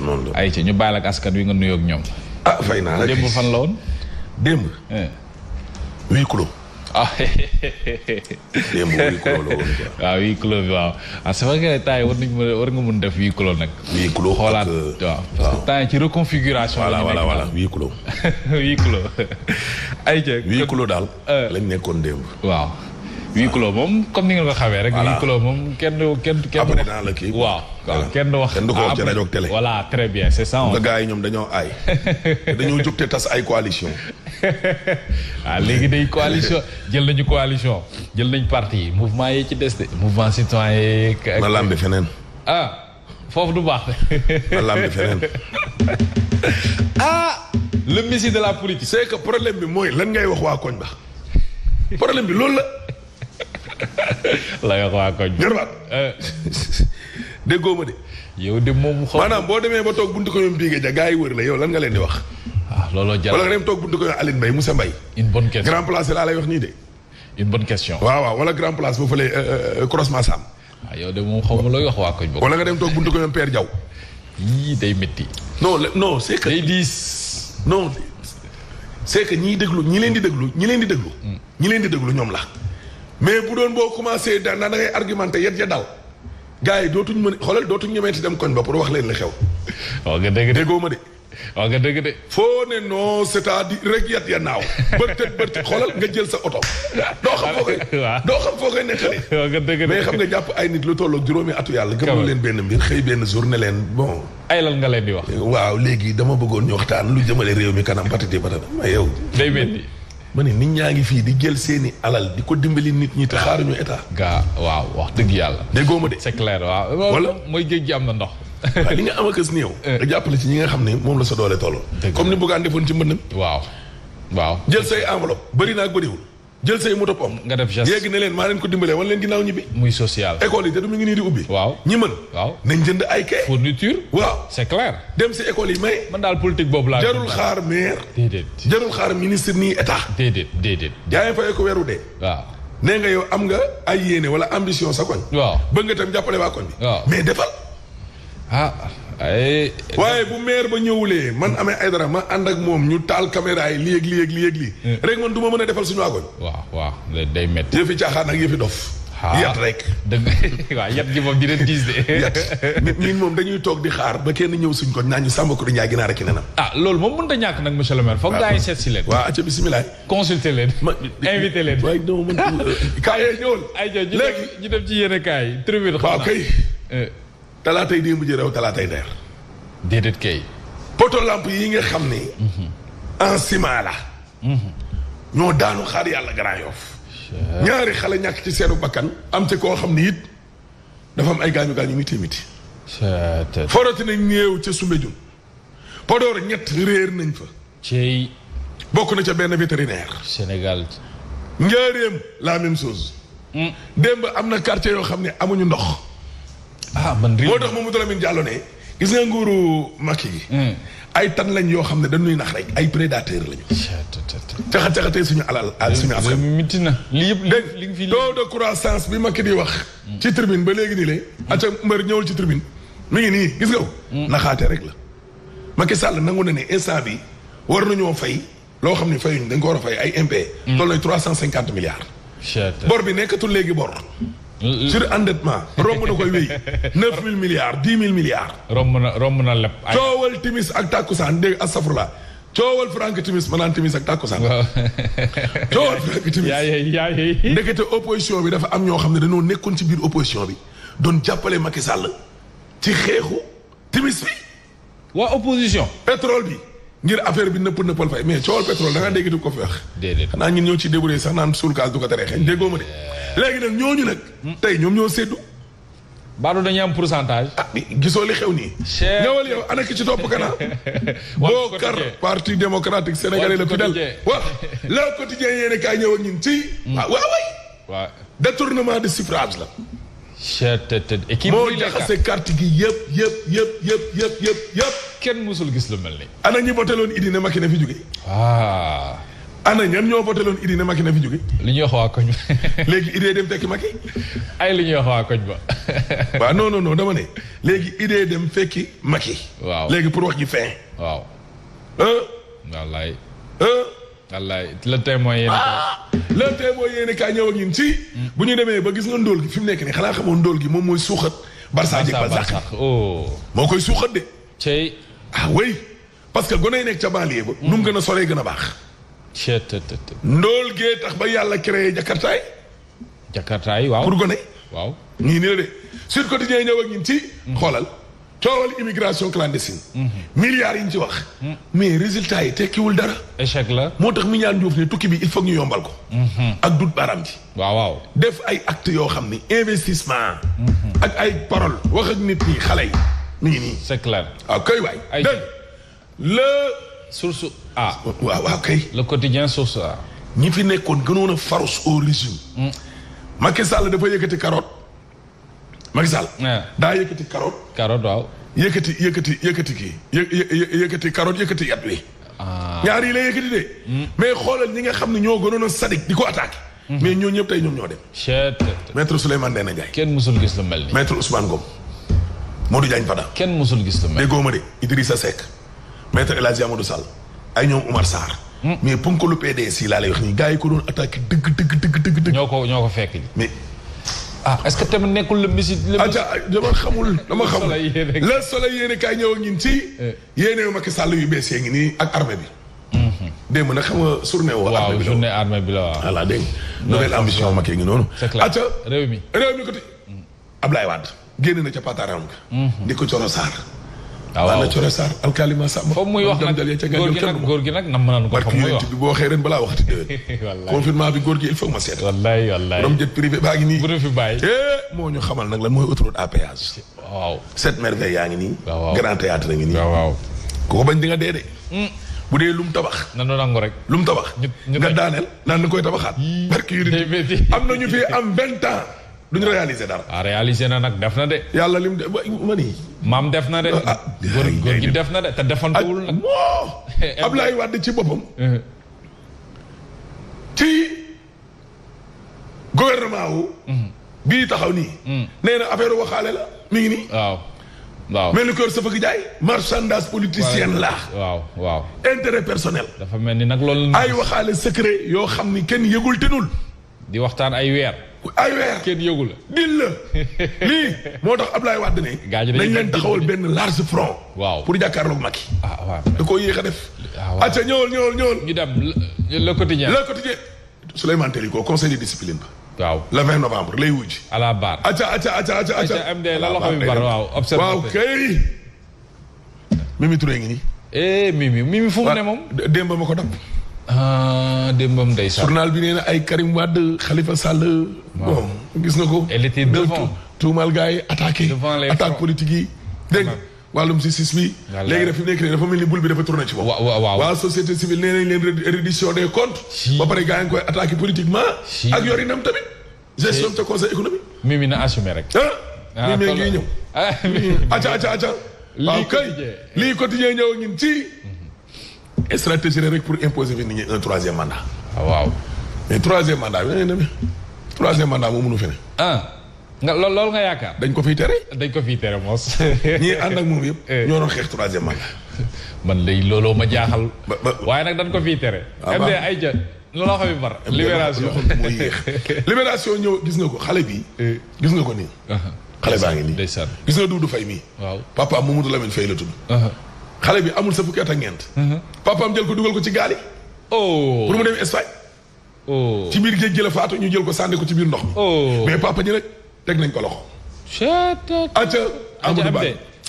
noonu la noonu la. ñu baal ak askan wi nga nuyoo ak ñoom. Ah, naa la démb fan la woon. démb. Eh. huis ah. waaw huis clos waaw ah c'est vrai que temps war nañu nga mën def huis clos nag. huis clos waaw parce que temps ci reconfiguration. la daal. Eh. lañ nekkoon démb. waaw. huis clos moom comme ni ngeen ko xamee rek. huis clos moom kenn du kenn kenn après naa la kii waaw kenn du wax. kenn du ko wax ci rajo ak télé. voilà très bien c'est ça. nga gars yi ñoom dañoo aay. dañoo jóg te tas ay coalition ah léegi day coalition jël nañu coalition jël nañ parti mouvement yi ci des de. mouvement citoyen yi. ma lambe feneen. ah foofu du baax. ma lambe feneen. ah. le messie de la politique. c'est que problème bi mooy lan ngay wax waa koñ ba problème bi loolu la. la nga ko waa koñ. jërëjëf eh. déggoo ma de. yow de moom xaw maanaam boo demee ba toog buntu ko ñoom Biége ja yi wër la yow lan nga leen di wax. ah looloo jàll wala nga dem toog ko ñoom Aline Mbaye Moussa Mbaye. une bonne question grand place laa lay wax nii de. une bonne waaw wala grand place boo fële euh, euh, croisement Sam. Ah, yow de moom xaw ma looy wax waa koñ boobu. wala nga dem toog buntu ko ñoom Père Diaw. yii day métti. non non c'est que. day diis. déglu ñi leen di déglu ñi leen di déglu. Hmm. ñi leen di déglu ñoom la. mais bu doon boo commencé daan naa da ngay argumenté yet ya daw gars yi dootuñ mën xoolal dootuñ ñemeeti dem koñ ba pour wax leen li xew. waaw nga dégg de déggoo ma de. waaw nga dégg de. foo ne non c'est-à-dire rek yet ya naaw bërtët bërtët xoolal nga jël sa oto. doo xam foo koy doo xam foo koy nekkale. waaw nga dégg de mais xam nga jàpp ay nit lu tolloog juróomi atu yàlla. gëmul leen benn mbir xëy benn jour ne leen bon. ay lan nga leen di wax. waaw léegi dama bëggoon ñu waxtaan lu jëmale réew mi kanam patati patata yow. day mel ni ma ne nit ñaa ngi fii di jël seeni alal di ko dimbali nit ñi te ñu état. gaa waaw wax dëgg yàlla. déggoo ma de. c'est clair waaw. wala mooy géej gi am na ndox. waaye li nga am ak as néew. Eh. nga jàppale ci ñi nga xam ne moom la sa doole tolloo. comme ni Bougane defoon ci mbëndam. waaw waaw. jël say enveloppe bari naa bëriwul. jël say moto pom nga def geste yéegi ne leen maa leen ko dimbalee wala leen ginnaaw ñibbi muy social école yi te du mu ngi nii di ubbi waaw ñi mën waaw nañ jënd ay kay fourniture waaw c'est clair dem si école yi may man daal politique boobu laa jarul xaar maire déedéet jarul xaar ministre nii état déedéet déedéet yaa ngi fayee ko weeru dee waaw nee nga yow am nga ay yéene wala ambition sa koñ waaw bëgg nga tam jàppale waa koñ bi waaw mais defal ah. ay. waaye bu maire ba ñëwulee man amee ay dara ma ànd ak moom ñu taal caméra yi lii ak lii ak lii ak eh. rek man du ma mën a defal suñu waagoñ. waa waaw day met métti. yëfi caaxaan ak yëfi dof. yat rek. dëgg waaw yat gi moom dina diis de. yat nit ñi moom dañuy toog di xaar ba kenn ñëw suñ ko naan ñu sàmm ko di a ginaar ak i nenam. ah loolu moom mënut ñàkk nag monsieur le maire. foog gaa yi si leen. waaw acca bisimilah. consulter leen. invité leen. waaye non man. Euh, kaay yee ñëwul. ay ñu dem ci yéen a kaay tribune. waaw talaatay démb ji rew talaatay deer déedéet kay. poto làmp yi nga xam ni. Mhm. en ciment la. Mhm. ñoo daanu xaar yàlla Grand Yoff ñaari xale ñàkk ci seenu bakkan am ci koo xam ni it dafa am ay gaañu gaañu miti miti. foroti nañ néew ca Soumbédioune Podor ñett réer nañ fa. cey. bokk na ca benn vétérinaire. Sénégal. Njaaréem la même chose. Mm. démb am na quartier yoo xam ne amuñu ndox. ah man moo tax Mamadou Lamine Diallo ne gis nga nguuru Macky gi hmm. ay tan lañ yoo xam ne dañuy nax rek ay prédateurs lañu. caxa caxatee suñu alal ak ah, suñu askan. miti na li yëpp li nga fi taux de croissance bi makki di wax. Hmm. ci tribune ba léegi nii le acca mbër ñëwul ci tribune mi ngi nii gis nga ko. Hmm. naxaate rek la. Macky Sall nangu na ne instant bi war nañoo fay loo xam ne fayuñ dañ ko war a fay ay impayés. toll nañ trois cent cinquante milliards. bor bi nekkatul léegi bor. surendettement romb na koy wéy neuf mille milliards dix mille milliards. romb na romb na lépp. coowal timis ak takkusaan dégg astafurla coowal Frank timis ma naan timis ak takkusaan. waaw coowal Frank timis. ndekete opposition bi dafa am ñoo xam ne dañoo nekkoon ci biir opposition bi doon jàppale Macky Sall ci xeexu timis bi. waa opposition. pétrole bi. ngir affaire bi nëpp nëppal fay mais coowal pétrole da nga dégg di ko fi wax. xanaa ñun ñoo ci débrouillé sax naan suul gaz du ko teree xeeñ déggoo ma de. léegi nag ñooñu nag. Hmm. tey ñoom ñoo séddu. baadu dañuy am pourcentage. ah gisoo li xew nii. ñëwal yow ana ki ci topp kanam. boo kar parti démocratique sénégalais la fidèle waaw le quotidien yéen kaay ñëw ak ci. Hmm. waaw détournement de suffrage la. moo jaxase carte gi yëpp yëpp yëpp yëpp kenn musul gis lu mel ni ana ñi boteloon idi ne Macky na fi jóge ah. ana ñan ñoo boteloon idi ne Macky na fi jóge li ñuy wax waa koñ ba léegi idée dem tekki Macky li ñuy wax waa koñ ba dama ne léegi idée dem fekki Macky waaw léegi pour wax ji fin waaw wallaay wallaay le témoin yéen a kaay. Ah! le témoin yéen a kaay ñëw hmm. bu ñu demee ba gis nga ndóol gi fi mu nekk nii xanaa xamoon ndóol gi moom mooy suuxat. Barça ak Barsax oh. moo koy suuxat de. ah oui parce que gone yi nekk ca banlieue ba. nu mu gën a soree gën a baax. ndool gee tax ba yàlla créé jakartaay. jakartaay waaw pour gone. waaw ñii nii la de sur quotidien ñëw ak ñun ci. Mm-hmm. xoolal coowal immigration clandestine. Mm-hmm. milliards yi ñu ci wax. Mm-hmm. mais résultat yi tekkiwul dara. échec la moo tax Mignane Diouf ne tukki bi il faut ñu yombal ko. ak dut baaraam ci waaw waaw def ay actes yoo xam ni investissement. ak ay parole wax ak nit ñi xale yi. mi ngi nii c'est clair. waaw ah, kay waay. dégg le. source A. waaw waaw kay. le quotidien source A. ñi fi nekkoon gënoon a faros au régime. Mm. Macky dafa yëkkati carotte. Macky Sall. daa yëkkati carotte. carotte waaw. yëkkati yëkkati yëkkati kii yëkkati carotte yëkkati yat wi. Ah. ñaar yi la yëkkati de. Mm. mais xoolal ñi nga xam ne ñoo gënoon a sadik di ko attaqué. Mm-hmm. mais ñoo ñëpp tey ñoom ñoo dem. maître Souleymane Ndéné Ndiaye. kenn mësul gis lu mel nii. maître Ousmane Ngom. Modou Diagne Fada. kenn mosul gis lu mel. déggoo ma de Idrissa Seck maître El Hadji Amadou Sall ay ñoom Oumar Sarr. Hmm. mais ponkalu PDS yi laa lay wax nii gars yi ko doon attaqué dëgg dëgg dëgg ñoo ko ñoo ko fekk. mais. ah est te ma tamit nekkul le misi. le misi dama xamul dama xamul. le soleil yéen kaay ñëw ak ñun ci. Eh. yéen a Macky Sall yu bees ngi nii ak armée bi. Hmm. démb nag xam nga journée woo. armée bi la waaw journée armée bi la waaw. voilà dégg nga nouvelle ambition Macky ngi noonu. c'est clair réew mi réew mi côté hmm. Ablaye Wade. génn na ca pataaram nga ni mhm. ko coro saar ah, waaw na coro saar alkalima sàmm foofu muy wax nag góor gi nag nam nañu ko fa muy wax bi boo waxee ren balaa waxati déwén confinement bi góor gi il faut ma seet wallaay wallaay borom jët privé baa ngi nii bu ñu fi bàyyi eh, moo ñu xamal nag lan waaw sept merveilles yaa ngi nii grand théâtre a ngi nii waaw ku ko bañ di dee de hmm. bu dee lum tabax. na nu rek. lum tabax. nga daaneel naan na koy tabaxaat. barki am na ñu fi am vingt ñu réaliser dara. ah réaliser na nag def na de. yàlla lim de maam def na de. ah, ah góor góor gi def na de te defantuwul nag. Ablaye Wade ci boppam. Eh. ci gouvernement wu. Mm-hmm. bii taxaw nii. Mm. nee na affaire waxaale la mi ngi nii. waaw waaw mel ni kër Sëfëg Jaay. marchandage politicien la. waaw waaw. intérêt personnel. dafa mel ni nag loolu. ay waxaale secret yoo xam ni kenn yëgul tënul. di waxtaan ay weer. ay weer kenn yëgu la dil la lii moo tax Ablaye Wade ne nañ leen taxawal benn large front waaw pour jàkkaarloog Macky ah, da ko yéex a def acca ah, ñëwal ñëwal ñëwal ñu dem le quotidien le quotidien Souleymane Teliko conseil de discipline ba waaw le 20 novembre lay wujj à la barre acca acca acca acca acca MD la loxo bi bar waaw observateur waaw kay Mimi Touré ngi nii eh Mimi Mimi fu mu ne moom démb ma ko dab ah démbam ndeysaan. journal bi nee na ay Karim Wade Khalifa Sall. gis nga ko. elle était attaqué. attaque politique yi dégg nga wàllum justice bi. léegi daf fi nekk dafa mel ni boule bi dafa tourné ci moom. waaw waaw waaw société civile nee nañ leen reddition des comptes. ba pare gars koy attaqué politiquement. ak yorinam tamit. gestion te conseil économique. mimi na assumé rek. ah, ah mimi ngi ñëw. ah mimi acca acca lii quotidien lii quotidien ñëw ñun ci. stratégie rek pour imposer fi nit ñi un troisième mandat. Ah, waaw. mais troisième mandat bi da ngay demee troisième moo mënu fi ah, nga loolu loolu yaakaar. dañ ko fiy tere. dañ ko fiy tere moos. ñii ànd ak moom yëpp. Eh. ñoo xeex troisième mandat. man léegi looloo ma jaaxal. waaye nag dañ ko fiy tere. Ah, MD Aïcha looloo xam bar libération mooy libération ñëw gis nga ko xale bi. Eh. gis nga ko nii. xale baa ngi nii. gis nga Doudou Faye mii. waaw papa Mamadou Lamine Faye la tudd. xale bi amul sa fukki at ak ñeent. Mhm. papaam jël ko dugal ko ci gaal yi. oh pour mu dem Espagne. oh ci biir géej gi ñu jël ko sànni ko ci biir ndox mi. oh mais papa ji rek teg nañ ko loxo. chata. acca Amadou Ba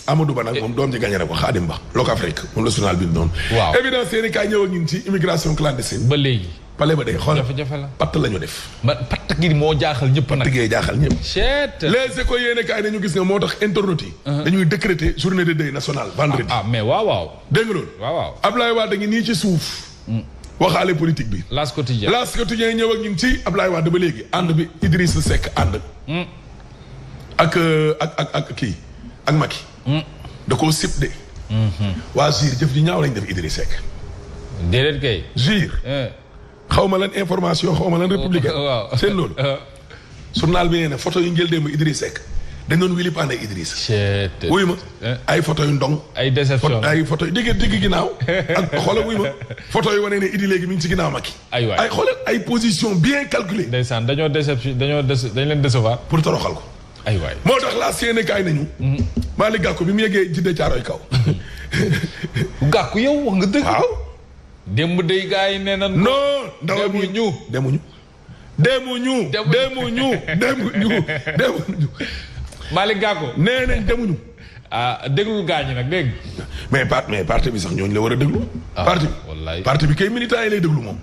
Amadou Ba nag moom doom ji gagné na ko Xaadim Ba. Locafrique moom la journal bi doon. waaw évidence yéen kaay ñëw ak ci immigration clandestine. ba léegi. pale ba day jafe la patt la ñu def. ba patt gi moo jaaxal ñëpp nag. patt gee jaaxal ñëpp. chette. les écoles yéen a moo tax internautes yi. Uh-huh. dañuy décréter journée de deuil nationale vendredi. Ah, ah mais waaw waaw. dégg nga loolu. waaw waaw Ablaye Wade ngi nii ci suuf. Mm. waxaale politique bi. L'As Quotidien L'As Quotidien ñëw ak ñun ci Ablaye Wade ba léegi ànd bi Idrissa Seck ànd. Mm. ak euh, ak ak ak kii ak Macky. Mm. da koo sip de. Mm-hmm. waa Jure jëf ji ñaaw lañ def Idrissa Seck. déedéet kay. Jure. xaw ma lan information xaw ma lan républicain seen loolu journal bi nee na photo yi ngeen démb Idriss Seck dañ doon wili pande Idriss wuyu ma eh? ay photo yu ndong ay déception ay photo yu digg ginnaaw ak xoolal ma photo yi wane ne Idi léegi mi ngi ci ginnaaw Macky ay waay ay xoolal ay position bien calculée dañoo déception dañoo dañ leen décevoir pour ko ay waay moo tax laa séene kaay nañu mm-hmm. Malick Gakou bi mu yeggee jidde caaroy kaw Gakou yow wax nga dëgg waaw daw bi ñu demuñu. demuñu demuñu demuñu demuñu. Malick Gakou. nee nañ demuñu. ah déglul gaañi nag dégg mais part mais parti bi sax ñooñu la war a déglu. ah wallaay parti bi kay militant yi lay déglu moom.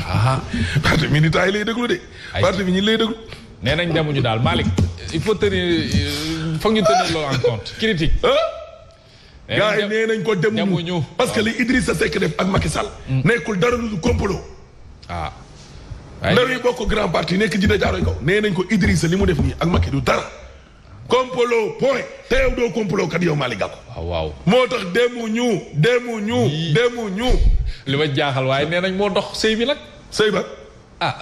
ah parti militant lay déglu de. parti bi ñu lay déglu. nee nañ demuñu daal Malick il faut tenir euh, foog ñu tenir loolu en compte critique. Ah. gaa yi nee nañ ko demuñu parce que ah. li sa Seck def ak Macky Sall. Mm. nekkul dara lu complot. ah. ndaw yi bokk grand parti nekk ji da jaaroy kaw nee nañ ko Idrissa li mu def nii ak Macky du dara. complot point te yow doo complot kat yow Malick Gakou. waaw ah, waaw moo tax demu ñu demu ñu. demu ñu. li ma jaaxal waaye nee nañ moo dox sëy bi nag. sëy ba. ah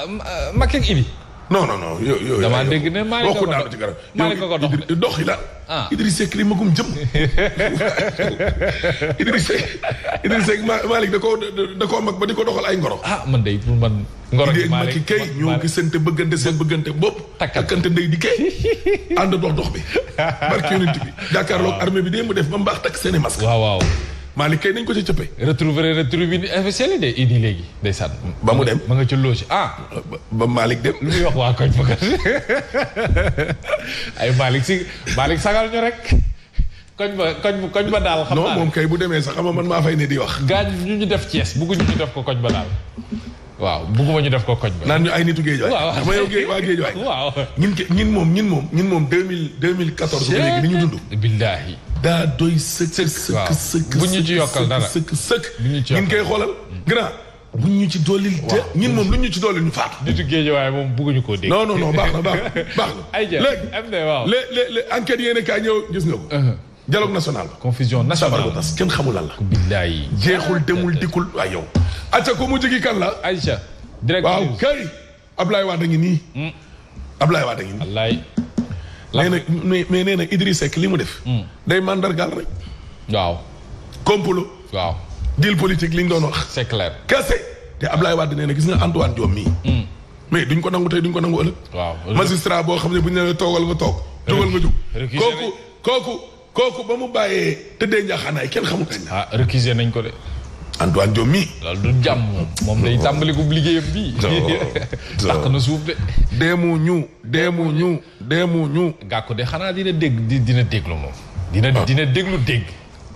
Macky non non non yow yow damaa dégg ne maa ngi ci garab dox de la. ah Idriss Seck li magum jëm. Idriss Seck da koo da mag ba di ko doxal ay ngoro. ah man de pour man. ngoro gi Malick kay ñoo gisante bëggante seen bëggante bopp. takkante ndey di kay ànd dox dox bi. barke yonent bi. jàkkaarloog armée bi de mu def ba mbaax takk seen i masque. waaw. Malick kay nañ ko ci cëppee. retrouver retrouver officiel yi de Idi léegi ndeysaan. ba mu dem ma nga ci loge ah. ba Malick dem. lu muy wax waa koñ bëgg ay Malick si Malick sagal ñu rek. koñ ba koñ koñ ba daal. xam naa moom kay bu demee sax xam man maa fay ne di wax. gaañ ñu ñu def Thiès bëgguñu ñu def ko koñ ba daal. waaw bëgguma ñu def ko koñ ba. naan ñu ay nitu géejuwaay. waaw waaw waa géejuwaay. waaw ñun ke ñun moom ñun moom ñun moom deux mille deux mille quatorze. ba léegi ni ñu dund. billaahi. daa doy sëkk sëkk sëkk bu ñu yokkal dara sëkk sëkk ñun koy xoolal mm. grand bu ñu ci doolil te ñun moom lu ñu ci doolil ñu faatu nitu géej waaye moom bëgguñu koo dégg non non non baax na baax na baax ay léegi am na waaw lé lé lé enquête yéen gis nga ko uh-huh. dialogue national confusion nationale tas kenn xamul lan la billaay jeexul demul dikkul waaw yow acca ko mu jigi kan la kay Ablaye Wade ngi nii mm. Ablaye Wade nee na mais nee na Idriss Seck li mu def. Hmm. day mandargaal rek. waaw. complot. waaw deal politique li ñu doon wax. c'est clair kese te Ablaye Wade nee na gis nga Antoine Diome mii. Hmm. mais duñ ko nangu tey duñ ko nangu ëllëg. waaw magistrat boo xam ne bu ñu nee toogal nga toog. jógal nga jóg kooku kooku kooku ba mu bàyyee tëddee njaaxaanaay kenn xamul kañ. ah récuser nañ ko de. Antoine Diome mii. loolu du jàmm moom day tàmbali ko liggéeyam bii. làq na suuf de. deemu ñu deemu ñu deemu ñu. gàkku de xanaa dina dégg dina déglu moom. dina ah. dina déglu dégg.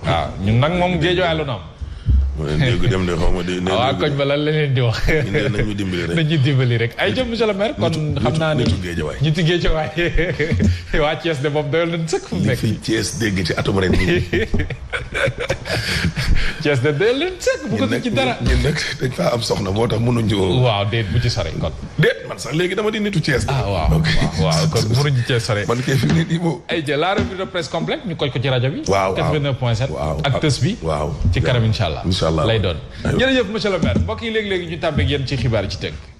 waaw ñun nag moom géejuwaay lu na am. dégg dem de xaw ma di. waaw ba lan la di wax. nañu dimbali rek nañu dimbali rek ay jëm monsieur le maire. kon xam naa ne ñi waa Thiès de moom doyal nañu sëkk fu mu nekk. li fi Thiès dégg ci atum ren Thiès de dee leen sekk bu ko ci dara ñun nag dañ faa am soxna moo tax mënuñu. waaw déet bu ci sore kon. déet man sax léegi dama di nitu Thiès. ah waaw waaw kon mënuñu Thiès sore. man kay fi mu ne nii ay jë la revue de ñu koy ko rajo bi. waaw waaw 89.7. waaw ak tës bi. waaw ci kanam incha allah. lay doon. jërëjëf monsieur le maire mbokk yi léegi léegi ñu tàmbeeg yéen ci xibaar ci tënk.